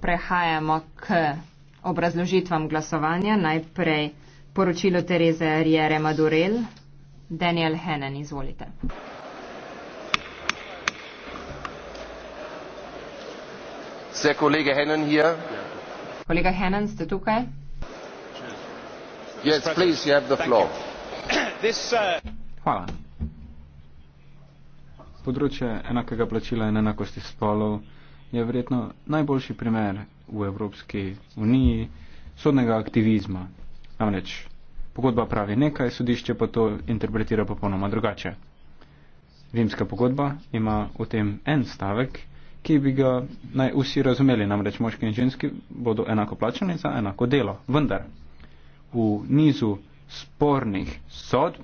Prehajamo k obrazložitvam glasovanja. Najprej poročilo Tereze Riere Madurel. Daniel Hennen, izvolite. Se kolega Hennen hier? Kolega Hennen, ste tukaj? Yes, please, you have the floor. This, uh... Hvala. Področje enakega plačila in enakosti spolov je verjetno najboljši primer v Evropski uniji sodnega aktivizma. Namreč pogodba pravi nekaj, sodišče pa to interpretira popolnoma drugače. Rimska pogodba ima v tem en stavek, ki bi ga naj vsi razumeli, namreč moški in ženski bodo enako plačani za enako delo. Vendar v nizu spornih sodb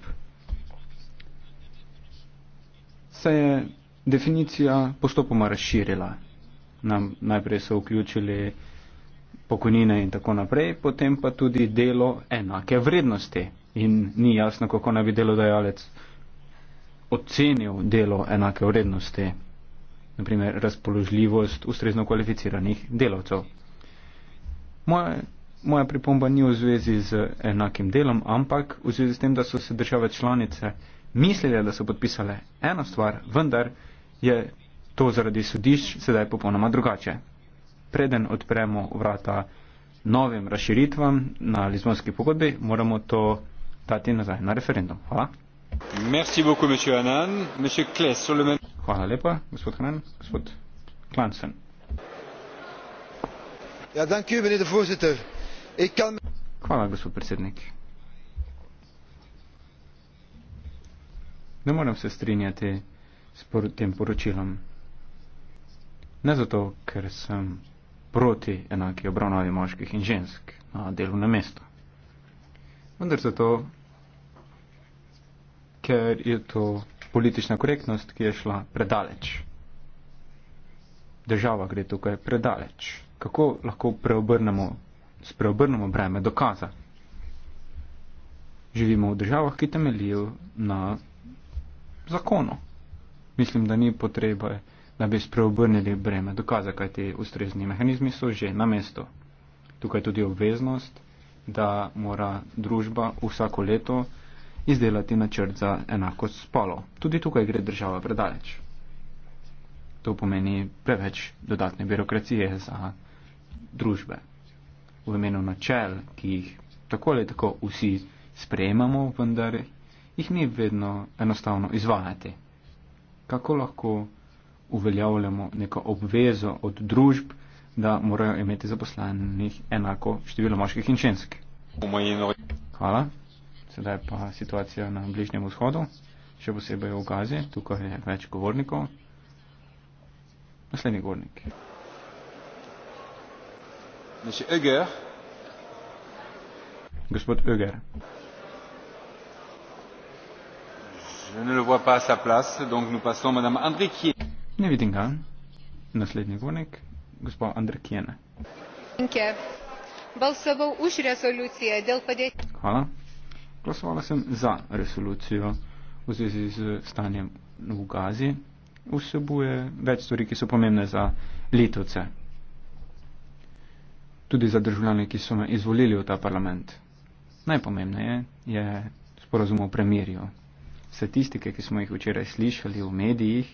se je definicija postopoma razširila nam najprej so vključili pokojnine in tako naprej, potem pa tudi delo enake vrednosti. In ni jasno, kako naj bi delodajalec ocenil delo enake vrednosti, naprimer razpoložljivost ustrezno kvalificiranih delavcev. Moja, moja pripomba ni v zvezi z enakim delom, ampak v zvezi s tem, da so se države članice mislile, da so podpisale eno stvar, vendar je To zaradi sodišč sedaj je popolnoma drugače. Preden odpremo vrata novim razširitvam na Lizbonski pogodbi, moramo to dati nazaj na referendum. Hvala. Merci beaucoup, monsieur Hanan. Monsieur Kles, sur le même... Hvala lepa, gospod Hanan. Gospod Klansen. Ja, dank u, meneer de voorzitter. Ik kan... Hvala, gospod predsednik. Ne morem se strinjati s tem poročilom. Ne zato, ker sem proti enaki obravnavi moških in žensk na delovnem mestu. Vendar zato, ker je to politična korektnost, ki je šla predaleč. Država gre tukaj predaleč. Kako lahko preobrnemo, spreobrnemo breme dokaza? Živimo v državah, ki temeljijo na zakonu. Mislim, da ni potrebe da bi spreobrnili breme dokaza, kaj ti ustrezni mehanizmi so že na mestu. Tukaj je tudi obveznost, da mora družba vsako leto izdelati načrt za enako spolo. Tudi tukaj gre država predaleč. To pomeni preveč dodatne birokracije za družbe. V imenu načel, ki jih tako ali tako vsi sprejemamo, vendar jih ni vedno enostavno izvajati. Kako lahko uveljavljamo neko obvezo od družb, da morajo imeti zaposlenih enako število moških in žensk. Hvala. Sedaj pa situacija na Bližnjem vzhodu, še posebej v Gazi. Tukaj je več govornikov. Naslednji govornik. Gospod Öger. Je ne le vois pas à sa place, donc nous passons à Madame Andriquier. Ne vidim ga. Naslednji govornik, gospod Andr Kijene. Hvala. Glasovala sem za resolucijo v zvezi z stanjem v Gazi. Vsebuje več stvari, ki so pomembne za letovce. Tudi za državljane, ki so me izvolili v ta parlament. Najpomembneje je sporozum o premirju. Statistike, ki smo jih včeraj slišali v medijih,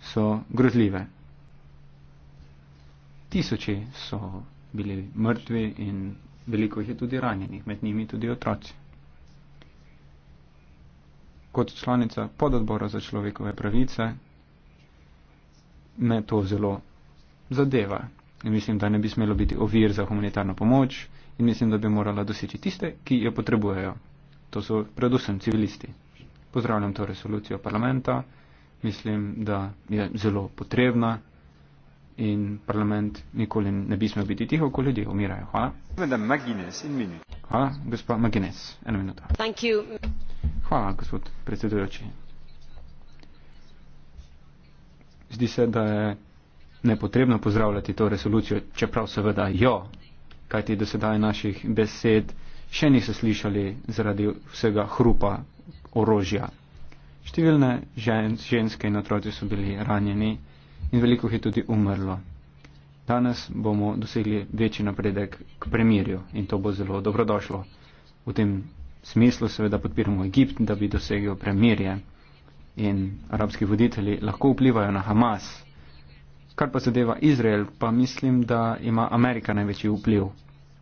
so grozljive. Tisoči so bili mrtvi in veliko jih je tudi ranjenih, med njimi tudi otroci. Kot članica pododbora za človekove pravice me to zelo zadeva. In mislim, da ne bi smelo biti ovir za humanitarno pomoč in mislim, da bi morala doseči tiste, ki jo potrebujejo. To so predvsem civilisti. Pozdravljam to resolucijo parlamenta mislim, da je zelo potrebna in parlament nikoli ne bi smel biti tiho, ko ljudje umirajo. Hvala. Hvala, gospa Magines. Eno minuto. Hvala, gospod predsedujoči. Zdi se, da je nepotrebno pozdravljati to resolucijo, čeprav seveda jo, kajti do sedaj naših besed še niso slišali zaradi vsega hrupa orožja. Številne ženske in otroci so bili ranjeni in veliko je tudi umrlo. Danes bomo dosegli večji napredek k premirju in to bo zelo dobrodošlo. V tem smislu seveda podpiramo Egipt, da bi dosegel premirje in arabski voditelji lahko vplivajo na Hamas. Kar pa zadeva Izrael, pa mislim, da ima Amerika največji vpliv.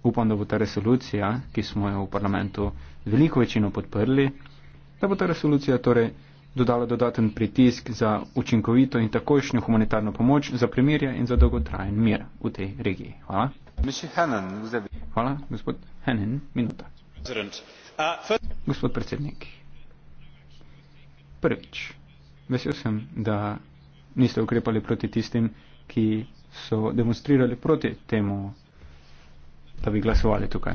Upam, da bo ta resolucija, ki smo jo v parlamentu veliko večino podprli, da bo ta resolucija torej dodalo dodaten pritisk za učinkovito in takojšnjo humanitarno pomoč za premirje in za dolgotrajen mir v tej regiji. Hvala. Hvala, gospod Henen. Minuta. Gospod predsednik, prvič, vesel sem, da niste ukrepali proti tistim, ki so demonstrirali proti temu, da bi glasovali tukaj.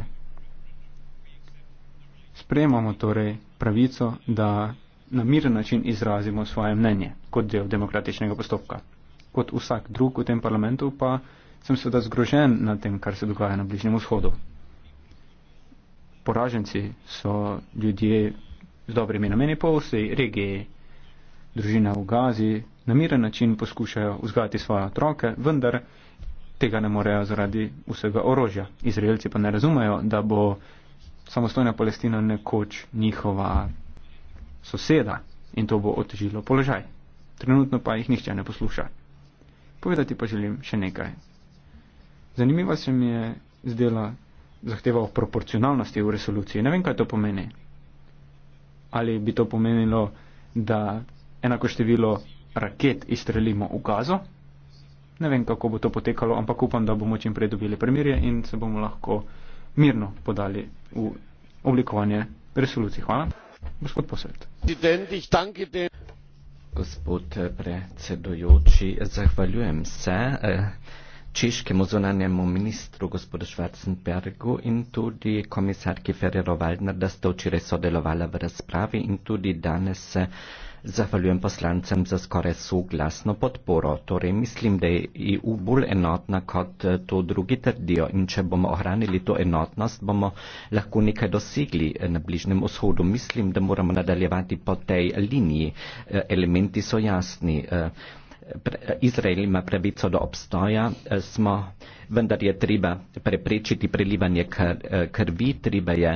Sprejemamo torej pravico, da na miren način izrazimo svoje mnenje kot del demokratičnega postopka. Kot vsak drug v tem parlamentu pa sem seveda zgrožen nad tem, kar se dogaja na Bližnjem vzhodu. Poraženci so ljudje z dobrimi nameni po vsej regiji. Družina v Gazi na miren način poskušajo vzgajati svoje otroke, vendar tega ne morejo zaradi vsega orožja. Izraelci pa ne razumejo, da bo samostojna Palestina nekoč njihova soseda in to bo otežilo položaj. Trenutno pa jih nihče ne posluša. Povedati pa želim še nekaj. Zanimiva se mi je zdela zahteva o proporcionalnosti v resoluciji. Ne vem, kaj to pomeni. Ali bi to pomenilo, da enako število raket izstrelimo v gazo? Ne vem, kako bo to potekalo, ampak upam, da bomo čim prej dobili premirje in se bomo lahko mirno podali v oblikovanje resolucij. Hvala. Gospod eh, predsedujoči, zahvaljujem se eh, češkemu zunanjemu ministru gospodu Schwarzenbergu in tudi komisarki Ferrero Waldner, da sta včeraj sodelovala v razpravi in tudi danes Zahvaljujem poslancem za skoraj soglasno podporo. Torej mislim, da je EU bolj enotna, kot eh, to drugi trdijo. In če bomo ohranili to enotnost, bomo lahko nekaj dosegli eh, na Bližnem vzhodu. Mislim, da moramo nadaljevati po tej liniji. Eh, elementi so jasni. Izrael ima pravico do obstoja, smo, vendar je treba preprečiti prelivanje krvi, treba je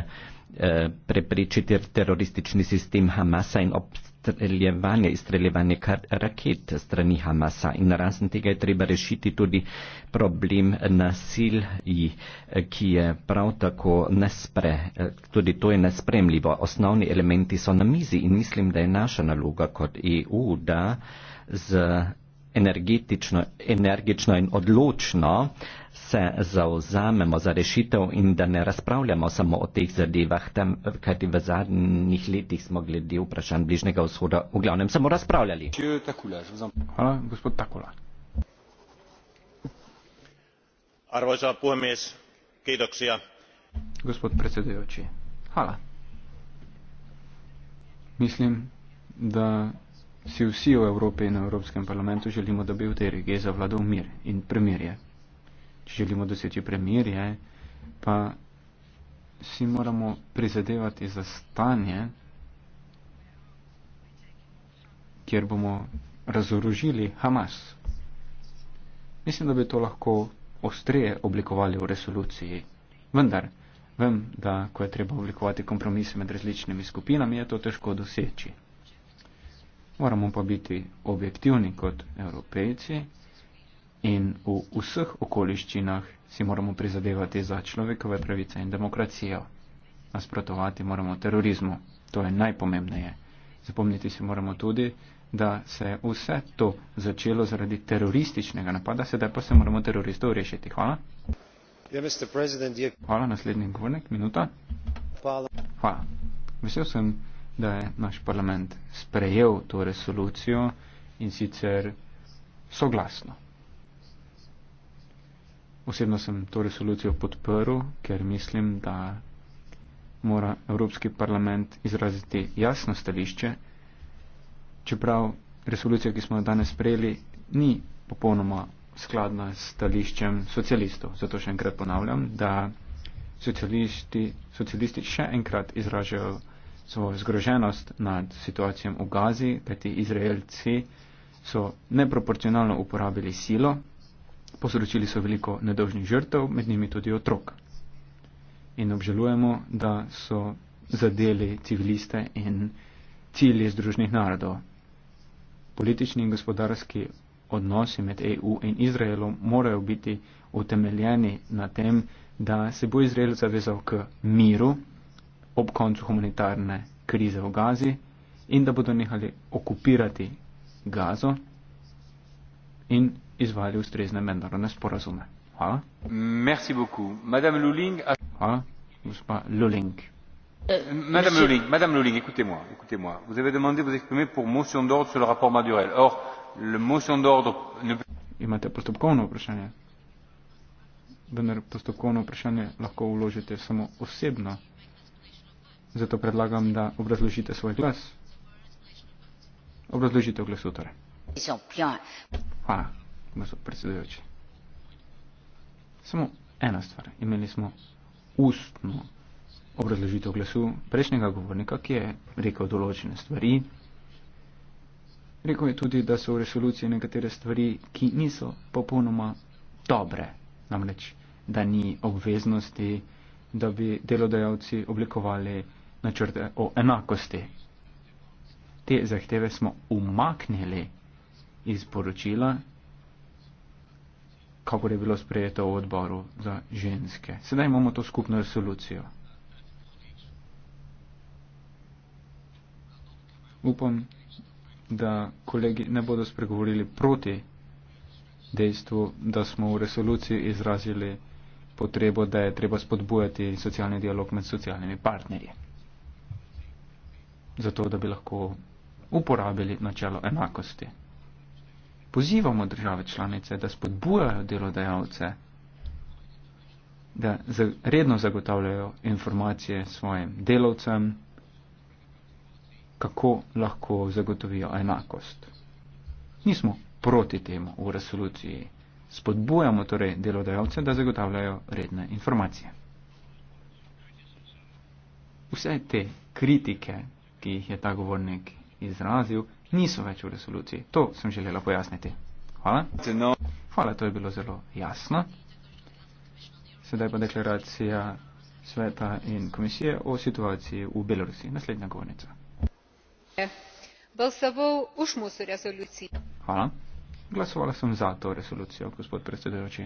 preprečiti teroristični sistem Hamasa in obstoja izstreljevanje, izstreljevanje raket strani Hamasa in razen tega je treba rešiti tudi problem nasilji, ki je prav tako nespre, tudi to je nespremljivo. Osnovni elementi so na mizi in mislim, da je naša naloga kot EU, da z energično in odločno se zauzamemo za rešitev in da ne razpravljamo samo o teh zadevah, tam, kajti v zadnjih letih smo glede vprašanj bližnjega vzhoda v glavnem samo razpravljali. Hvala, gospod Takula. Arvoisa puhemies, kiitoksia. Gospod predsedujoči, hvala. Mislim, da Si vsi v Evropi in Evropskem parlamentu želimo, da bi v tej regiji zavladal mir in premirje. Če želimo doseči premirje, pa si moramo prizadevati za stanje, kjer bomo razorožili Hamas. Mislim, da bi to lahko ostreje oblikovali v resoluciji. Vendar, vem, da ko je treba oblikovati kompromise med različnimi skupinami, je to težko doseči moramo pa biti objektivni kot evropejci in v vseh okoliščinah si moramo prizadevati za človekove pravice in demokracijo. Nasprotovati moramo terorizmu, to je najpomembneje. Zapomniti si moramo tudi, da se je vse to začelo zaradi terorističnega napada, sedaj pa se moramo teroristov rešiti. Hvala. Ja, Hvala, naslednji govornik, minuta. Hvala. Vesel sem da je naš parlament sprejel to resolucijo in sicer soglasno. Osebno sem to resolucijo podprl, ker mislim, da mora Evropski parlament izraziti jasno stališče, čeprav resolucija, ki smo jo danes sprejeli, ni popolnoma skladna s stališčem socialistov. Zato še enkrat ponavljam, da socialisti, socialisti še enkrat izražajo svojo zgroženost nad situacijo v Gazi, kajti Izraelci so neproporcionalno uporabili silo, posročili so veliko nedožnih žrtev, med njimi tudi otrok. In obžalujemo, da so zadeli civiliste in cilje združnih narodov. Politični in gospodarski odnosi med EU in Izraelom morajo biti utemeljeni na tem, da se bo Izrael zavezal k miru ob koncu humanitarne krize v Gazi in da bodo nehali okupirati Gazo in izvali ustrezne mednarodne sporazume. Hvala. Merci beaucoup. Madame Luling. A... Hvala, gospa Luling. Eh, Madame Luling, Madame Luling, écoutez-moi, écoutez-moi. Vous avez demandé de vous exprimer pour motion d'ordre sur le rapport Madurel. Or, le motion d'ordre ne peut pas. Vous avez un postopcon, vous pouvez le faire seulement personnellement. Zato predlagam, da obrazložite svoj glas. Obrazložite v glasu torej. Hvala, gospod predsedujoči. Samo ena stvar. Imeli smo ustno obrazložitev glasu prejšnjega govornika, ki je rekel določene stvari. Rekel je tudi, da so v resoluciji nekatere stvari, ki niso popolnoma dobre. Namreč, da ni obveznosti, da bi delodajalci oblikovali načrte o enakosti. Te zahteve smo umaknili iz poročila, kako je bilo sprejeto v odboru za ženske. Sedaj imamo to skupno resolucijo. Upam, da kolegi ne bodo spregovorili proti dejstvu, da smo v resoluciji izrazili potrebo, da je treba spodbujati socialni dialog med socialnimi partnerji zato da bi lahko uporabili načelo enakosti. Pozivamo države članice, da spodbujajo delodajalce, da redno zagotavljajo informacije svojim delavcem, kako lahko zagotovijo enakost. Nismo proti temu v resoluciji. Spodbujamo torej delodajalce, da zagotavljajo redne informacije. Vse te kritike, ki jih je ta govornik izrazil, niso več v resoluciji. To sem želela pojasniti. Hvala. Hvala, to je bilo zelo jasno. Sedaj pa deklaracija sveta in komisije o situaciji v Belorusiji. Naslednja govornica. Hvala. Glasovala sem za to resolucijo, gospod predsedujoči,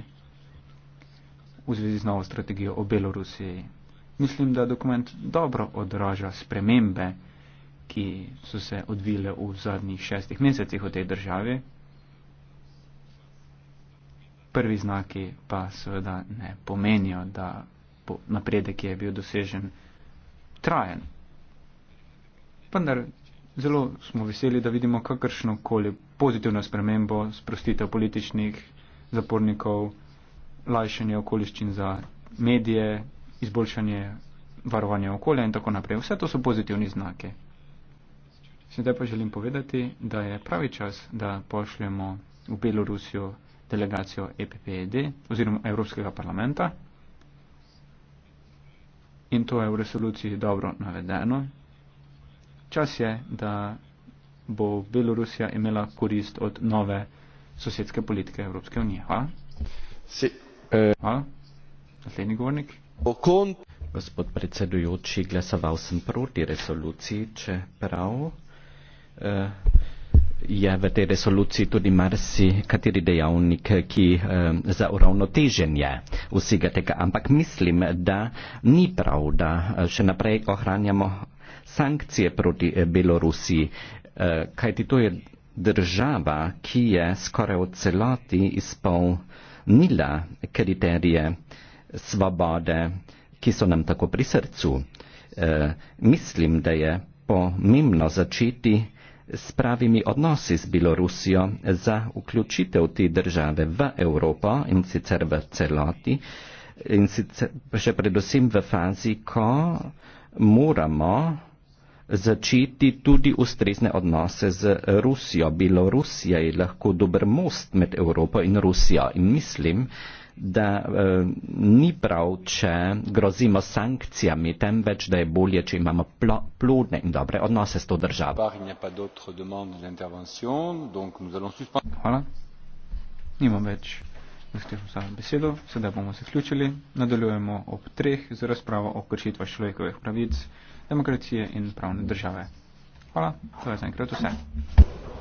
v zvezi z novo strategijo o Belorusiji. Mislim, da dokument dobro odraža spremembe ki so se odvile v zadnjih šestih mesecih v tej državi. Prvi znaki pa seveda ne pomenijo, da po napredek je bil dosežen trajen. Vendar zelo smo veseli, da vidimo kakršno koli pozitivno spremembo, sprostitev političnih zapornikov, lajšanje okoliščin za medije, izboljšanje varovanja okolja in tako naprej. Vse to so pozitivni znaki. Sedaj pa želim povedati, da je pravi čas, da pošljemo v Belorusijo delegacijo EPPED oziroma Evropskega parlamenta. In to je v resoluciji dobro navedeno. Čas je, da bo Belorusija imela korist od nove sosedske politike Evropske unije. Hvala. Si, eh. Hvala. Naslednji govornik. Okon. Gospod predsedujoči, glasoval sem proti resoluciji, če prav. Eh, je ja, v tej resoluciji tudi marsi kateri dejavnik, ki eh, za uravnoteženje vsega tega. Ampak mislim, da ni prav, da eh, še naprej ohranjamo sankcije proti Belorusiji, kajti to je država, ki je skoraj v celoti izpolnila kriterije svobode, ki so nam tako pri srcu. Mislim, da je pomembno začeti spravi mi odnosi z Belorusijo za vključitev te države v Evropo in sicer v celoti in sicer še predvsem v fazi, ko moramo začeti tudi ustrezne odnose z Rusijo. Belorusija je lahko dober most med Evropo in Rusijo in mislim, da e, ni prav, če grozimo sankcijami, temveč da je bolje, če imamo pl plodne in dobre odnose s to državo. Hvala. Nimam več zahtev za besedo, sedaj bomo se sključili. Nadaljujemo ob treh z razpravo o kršitvah človekovih pravic, demokracije in pravne države. Hvala, to je zaenkrat vse.